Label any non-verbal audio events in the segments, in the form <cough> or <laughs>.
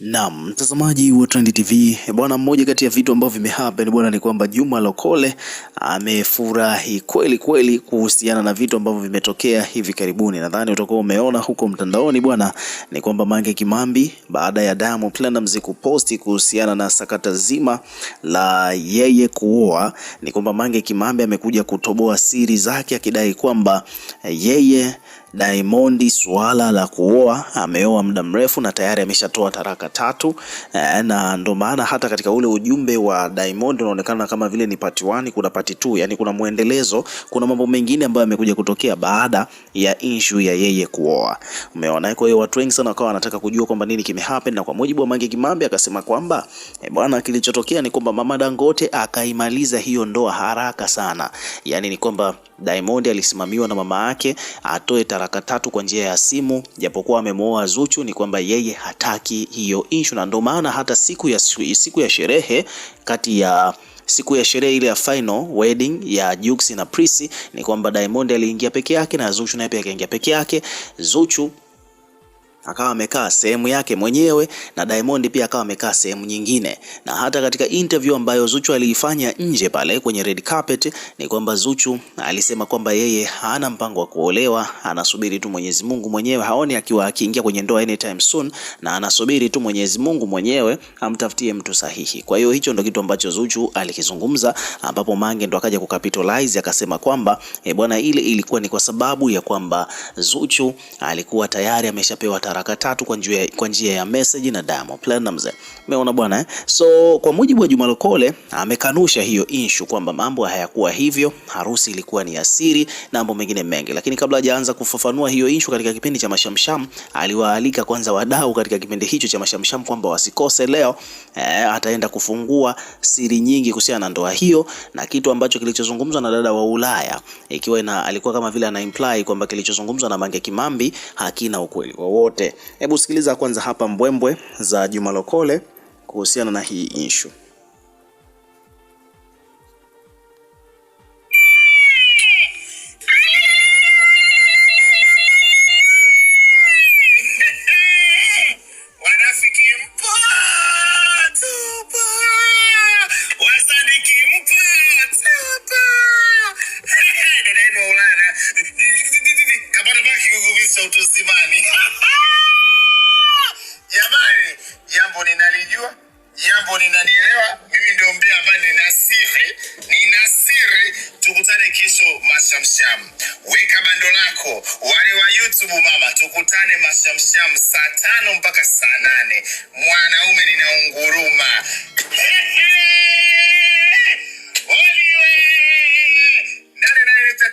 Naam, mtazamaji wa Trend TV eh, bwana, mmoja kati ya vitu ambavyo vimehappen bwana ni kwamba Juma Lokole amefurahi kweli kweli kuhusiana na vitu ambavyo vimetokea hivi karibuni. Nadhani utakuwa umeona huko mtandaoni bwana, ni kwamba Mange Kimambi baada ya Diamond Platnumz kuposti kuhusiana na sakata zima la yeye kuoa, ni kwamba Mange Kimambi amekuja kutoboa siri zake akidai kwamba eh, yeye Diamond suala la kuoa, ameoa muda mrefu na tayari ameshatoa taraka tatu, eh, na ndo maana hata katika ule ujumbe wa Diamond unaonekana kama vile ni part 1, kuna part 2, yani kuna mwendelezo, kuna mambo mengine ambayo yamekuja kutokea baada ya issue ya yeye kuoa. Umeona? Kwa hiyo watu wengi sana wakawa wanataka kujua kwamba nini kimehappen, na kwa mujibu wa Mange Kimambi akasema kwamba e, bwana kilichotokea ni kwamba mama Dangote akaimaliza hiyo ndoa haraka sana, yani ni kwamba Diamond alisimamiwa na mama yake atoe nyaraka tatu kwa njia ya simu. Japokuwa amemuoa Zuchu, ni kwamba yeye hataki hiyo issue, na ndio maana hata siku ya, siku ya sherehe kati ya siku ya sherehe ile ya final wedding ya Jux na Prissy ni kwamba Diamond aliingia peke yake na Zuchu naye pia akaingia peke yake Zuchu akawa amekaa sehemu yake mwenyewe na Diamond pia akawa amekaa sehemu nyingine, na hata katika interview ambayo Zuchu aliifanya nje pale kwenye red carpet, ni kwamba Zuchu alisema kwamba yeye hana mpango wa kuolewa, anasubiri tu Mwenyezi Mungu mwenyewe, haoni akiwa akiingia kwenye ndoa anytime soon, na anasubiri tu Mwenyezi Mungu mwenyewe amtafutie mtu sahihi. Kwa hiyo hicho ndo kitu ambacho Zuchu alikizungumza, ambapo Mange ndo akaja kukapitalize akasema kwamba e, bwana ile ilikuwa ni kwa sababu ya kwamba Zuchu alikuwa tayari ameshapewa karaka tatu kwa njia kwa njia ya message na Diamond Platnumz. Umeona bwana eh? So kwa mujibu wa Juma Lokole amekanusha hiyo issue kwamba mambo hayakuwa hivyo, harusi ilikuwa ni asiri na mambo mengine mengi, lakini kabla hajaanza kufafanua hiyo issue katika kipindi cha Mashamsham, aliwaalika kwanza wadau katika kipindi hicho cha Mashamsham kwamba wasikose leo eh, ataenda kufungua siri nyingi kuhusiana na ndoa hiyo na kitu ambacho kilichozungumzwa na dada wa Ulaya ikiwa ina, alikuwa kama vile ana imply kwamba kilichozungumzwa na Mange Kimambi hakina ukweli wowote wote. Hebu sikiliza kwanza hapa mbwembwe za Juma Lokole kuhusiana na hii issue. Utu <laughs> Karibu baba, tukutane mashamsham saa tano mpaka saa nane. Mwanaume ninaunguruma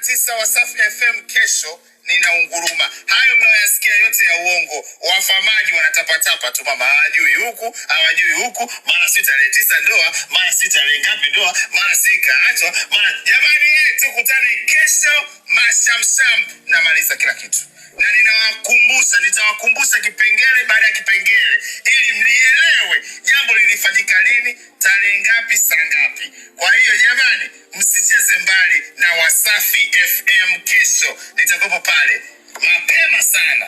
tisa Wasafi FM kesho ninaunguruma. Hayo mnayoyasikia yote ya uongo, wafamaji wanatapatapa tu, mama hawajui huku hawajui huku, mara si tarehe tisa ndoa, mara si tarehe ngapi ndoa, mara si kaachwa, mara jamani, tukutane kesho mashamsham, namaliza kila kitu na ninawakumbusha, nitawakumbusha kipengele baada ya kipengele, ili mlielewe jambo lilifanyika lini, tarehe ngapi, saa ngapi. Kwa hiyo jamani, msicheze mbali na Wasafi FM. Kesho nitakopo pale mapema sana.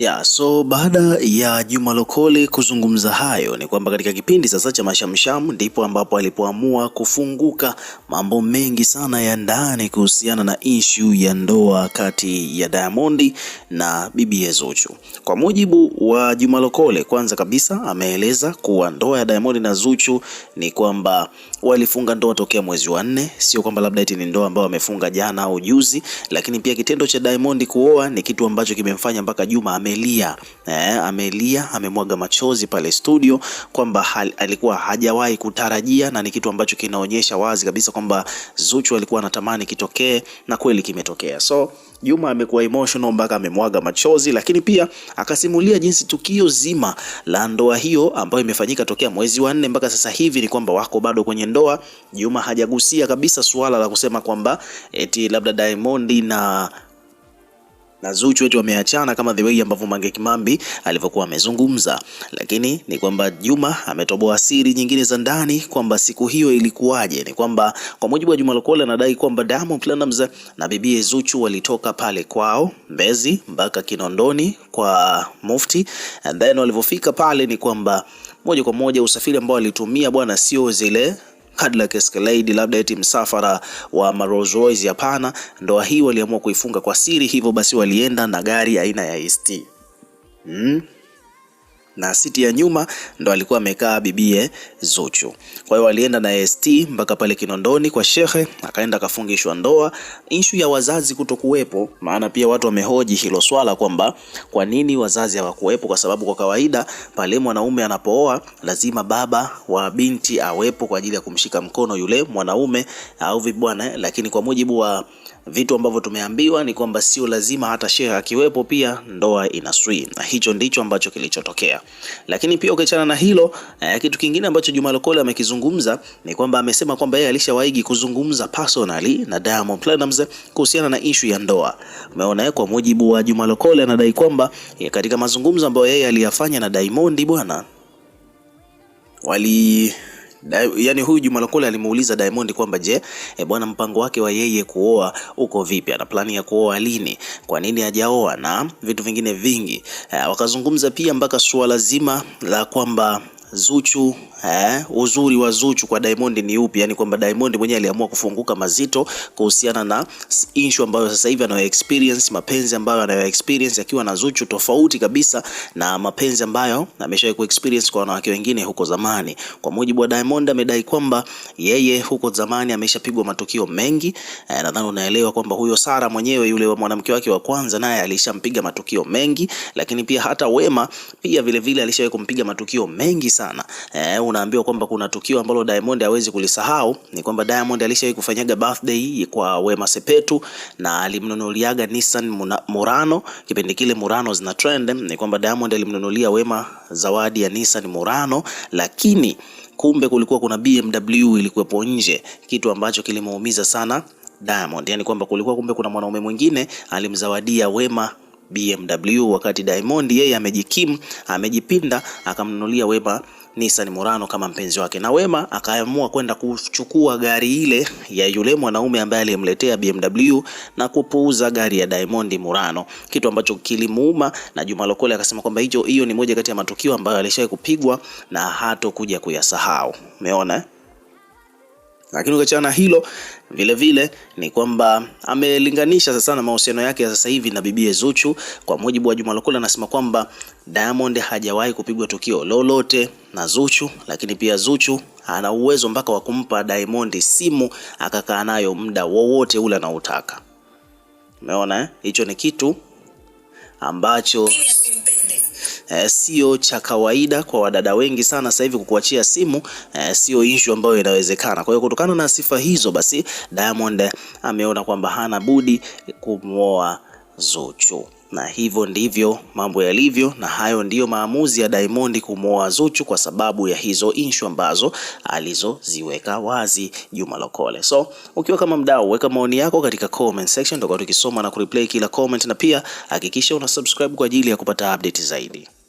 Ya, so baada ya Juma Lokole kuzungumza hayo ni kwamba katika kipindi sasa cha Mashamsham ndipo ambapo alipoamua kufunguka mambo mengi sana ya ndani kuhusiana na ishu ya ndoa kati ya Diamond na bibi Zuchu. Kwa mujibu wa Juma Lokole, kwanza kabisa ameeleza kuwa ndoa ya Diamond na Zuchu ni kwamba walifunga ndoa tokea mwezi wa nne, sio kwamba labda eti ni ndoa ambayo wamefunga jana au juzi, lakini pia kitendo cha Diamond kuoa ni kitu ambacho kimemfanya mpaka Juma ame amelia eh, amelia amemwaga machozi pale studio kwamba alikuwa hajawahi kutarajia, na ni kitu ambacho kinaonyesha wazi kabisa kwamba Zuchu alikuwa anatamani kitokee na kweli kimetokea. So Juma amekuwa emotional mpaka amemwaga machozi, lakini pia akasimulia jinsi tukio zima la ndoa hiyo ambayo imefanyika tokea mwezi wa nne mpaka sasa hivi ni kwamba wako bado kwenye ndoa. Juma hajagusia kabisa suala la kusema kwamba eti labda Diamond na na Zuchu wetu wameachana kama the way ambavyo Mange Kimambi alivyokuwa amezungumza, lakini ni kwamba Juma ametoboa siri nyingine za ndani kwamba siku hiyo ilikuwaje. Ni kwamba kwa mujibu wa Juma Lokole anadai kwamba Diamond Platnumz na bibi Zuchu walitoka pale kwao Mbezi mpaka Kinondoni kwa Mufti, and then walivyofika pale ni kwamba moja kwa moja usafiri ambao alitumia bwana sio zile Cadillac Escalade, labda eti msafara wa Rolls Royce. Hapana, ndoa hii waliamua kuifunga kwa siri, hivyo basi walienda na gari aina ya ST. Mm? na siti ya nyuma ndo alikuwa amekaa bibie Zuchu. Kwa hiyo walienda na ST mpaka pale Kinondoni kwa shehe akaenda akafungishwa ndoa. Inshu ya wazazi kutokuwepo, maana pia watu wamehoji hilo swala kwamba kwa nini wazazi hawakuwepo, kwa sababu kwa kawaida pale mwanaume anapooa lazima baba wa binti awepo kwa ajili ya kumshika mkono yule mwanaume au vibwana, lakini kwa mujibu wa vitu ambavyo tumeambiwa ni kwamba sio lazima hata shehe akiwepo pia ndoa inaswi, na hicho ndicho ambacho kilichotokea. Lakini pia ukiachana na hilo eh, kitu kingine ambacho Juma Lokole amekizungumza ni kwamba amesema kwamba yeye alishawahi kuzungumza personally na Diamond Platnumz kuhusiana na ishu ya ndoa. Umeona eh, kwa mujibu wa Juma Lokole anadai kwamba eh, katika mazungumzo ambayo yeye aliyafanya na Diamond bwana wali yani huyu Juma Lokole alimuuliza Diamond kwamba je, e, bwana mpango wake wa yeye kuoa uko vipi? Ana plani ya kuoa lini? Kwa nini hajaoa na vitu vingine vingi. E, wakazungumza pia mpaka suala zima la kwamba Zuchu eh, uzuri wa Zuchu kwa Diamond ni upi? Yani kwamba Diamond mwenyewe aliamua kufunguka mazito kuhusiana na issue ambayo sasa hivi anayo experience, mapenzi ambayo anayo experience akiwa na Zuchu, tofauti kabisa na mapenzi ambayo ameshawahi ku experience kwa wanawake wengine huko zamani. Kwa mujibu wa Diamond, amedai kwamba yeye huko zamani ameshapigwa matukio mengi eh, nadhani unaelewa kwamba huyo Sara mwenyewe yule wa mwanamke wake wa kwanza naye alishampiga matukio mengi, lakini pia hata Wema pia vile vile alishawahi kumpiga matukio mengi sana sana. Eh, unaambiwa kwamba kuna tukio ambalo Diamond hawezi kulisahau, ni kwamba Diamond alishawahi kufanyaga birthday kwa Wema Sepetu na alimnunuliaga Nissan Murano. Kipindi kile Murano zina trend, ni kwamba Diamond alimnunulia Wema zawadi ya Nissan Murano lakini kumbe kulikuwa kuna BMW ilikuwepo nje, kitu ambacho kilimuumiza sana Diamond. Yani kwamba kulikuwa kumbe kuna mwanaume mwingine alimzawadia Wema BMW, wakati Diamond yeye amejikimu, amejipinda akamnunulia Wema Nissan Murano kama mpenzi wake, na Wema akaamua kwenda kuchukua gari ile ya yule mwanaume ambaye alimletea BMW na kupuuza gari ya Diamond Murano, kitu ambacho kilimuuma, na Juma Lokole akasema kwamba hicho hiyo ni moja kati ya matukio ambayo alishawahi kupigwa na hatokuja kuyasahau. Umeona? Lakini ukiachana na hilo vile vile ni kwamba amelinganisha sasa na mahusiano yake ya sasa hivi na bibie Zuchu. Kwa mujibu wa Juma Lokole, anasema kwamba Diamond hajawahi kupigwa tukio lolote na Zuchu, lakini pia Zuchu ana uwezo mpaka wa kumpa Diamond simu akakaa nayo muda wowote ule anaotaka. Umeona eh? hicho ni kitu ambacho eh, sio cha kawaida kwa wadada wengi sana sasa hivi kukuachia simu eh, sio issue ambayo inawezekana. Kwa hiyo kutokana na sifa hizo, basi Diamond eh, ameona kwamba hana budi kumwoa Zuchu na hivyo ndivyo mambo yalivyo, na hayo ndiyo maamuzi ya Diamond kumwoa Zuchu kwa sababu ya hizo inshu ambazo alizoziweka wazi Juma Lokole. So ukiwa kama mdau, weka maoni yako katika comment section, tutakuwa tukisoma na kureplay kila comment, na pia hakikisha una subscribe kwa ajili ya kupata update zaidi.